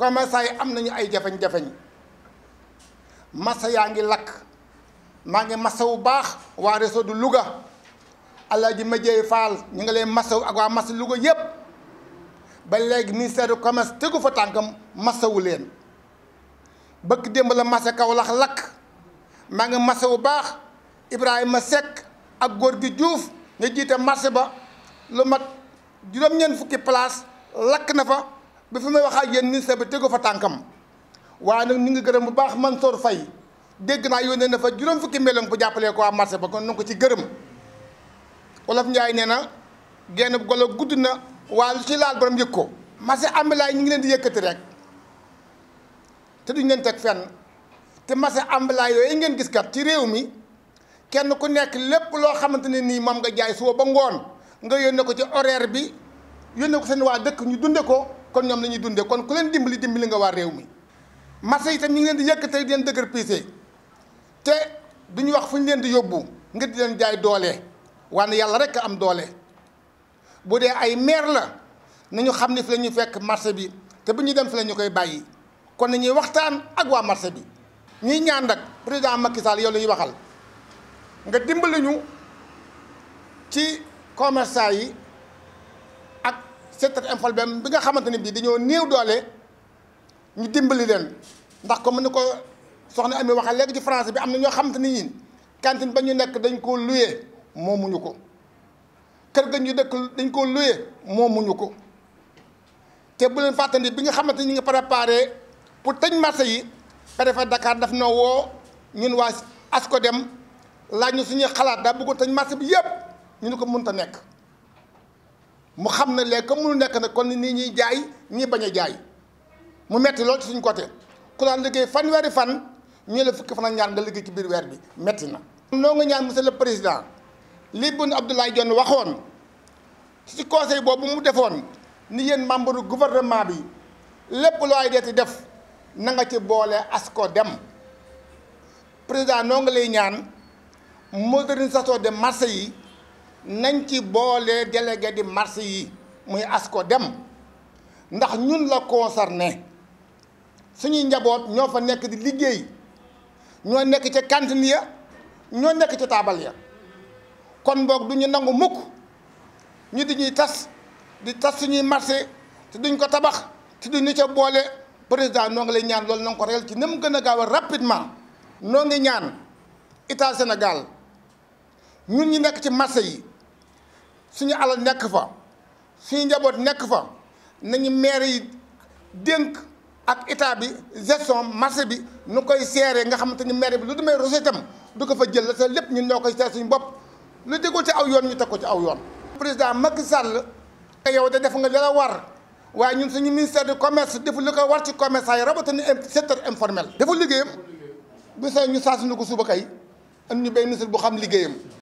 commerçant yi am nañu ay jafeñ-jafeñ massa yaa ngi lakk maa ngi wu baax waa réseau du Louga ma Madieye Fall ñu ngi leen massawu ak waa massa Louga yépp ba léegi ministère du commerce tegu fa tànkam massawu leen bëkk démb la massa Kaolack lakk maa ngi bu baax Ibrahima Seck ak góor gi Diouf nga jiite marché ba lu mat juróom-ñeent fukki place lakk na fa bi fi may wax ak yéen ministère bi tegu fa tànkam waaye nag ñu ngi gërëm bu baax man Mansour Faye dégg naa yónnee na fa juróom fukki million bu jàppalee ko waa marché ba kon nu ko ci gërëm wolof Njaay nee na genn golo gudd na waaye lu ci laal borom yëg ko marché ambulant ñu ngi leen di yëkkati rek te duñ leen teg fenn te marché ambulant yooyu ngeen gis kat ci réew mi kenn ku nekk lépp loo xamante ne nii moom nga jaay suba ba ngoon nga yónnee ko ci horaire bi yónnee ko seen waa dëkk ñu dunde ko kon ñom lañuy dundé kon ku leen dimbali dimbali nga war réew mi marché yi tam ñu ngi leen di yëkkatee di leen dëgër pisé té duñu wax fuñu leen di yobbu nga di leen jaay doolé wan yalla rek am doolé bu dé ay mer la nañu xamni fi lañu fekk marché bi té buñu dem fi lañu koy bayyi kon nañuy waxtaan ak wa marché bi ñi ñaan nak président Macky Sall yow lañuy waxal nga dimbali ñu ci commerçant yi secteur infolbem bi nga xamante ne bii dañoo néew doole ñu dimbali leen ndax comme ni ko soxna Ami waxee léegi ci français bi am na ñoo xamante ne ñii cantine ba ñu nekk dañ koo loué moomuñu ko kër ga ñu dëkk dañ koo loué moomuñu ko te bu leen fàttali bi nga xamante ñi ñu ngi préparé pour tëj marché yi préfet Dakar daf na woo ñun asko dem laaj ñu suñuy xalaat daa bëggoon tëj marché bi yëpp ñu ne ko mënut a nekk. mu xam ne léegi comme nekk nag kon nii ñuy jaay ñii bañ a jaay mu metti lool ci suñ côté ku daan liggéey fanweeri fan ñu la fukki fan ak ñaar nga liggéey ci biir weer bi metti na. noo nga ñaan monsieur le président li Boun Abdallah Dionne waxoon ci conseil boobu mu defoon ni yéen membre gouvernement bi lépp looy te def na nga ci boole asko dem président noo nga lay ñaan modernisation dem marché yi. nañ ci les délégué de marché yi asko dem ndax la concerné suñuy njaboot ñoo fa nous di liggéey ñoo Nous ca cantine ya ñoo nekk ca taabal ya kon boog des gens di tas marché te duñ ko tabax te duñu ci bolé président no ngi lay ñaan na ko réel rapidement ñaan Sénégal suñu alal nekk fa suñu njaboot nekk fa nañu maire yi dénk ak état bi gestion marché bi nu koy seeree nga xamante ni maire bi lu demee recette am du ko fa jël la te lépp ñun ñoo koy seer suñu bopp lu déggoo ci aw yoon ñu teg ko ci aw yoon. président Macky Sall yow de def nga li la war waaye ñun suñu ministère du commerce defu li ko war ci commerçant yi rawatina secteur informel. defu liggéeyam bu sañ ñu saa suñu ko suba kay am ñu benn ministre bu xam liggéeyam.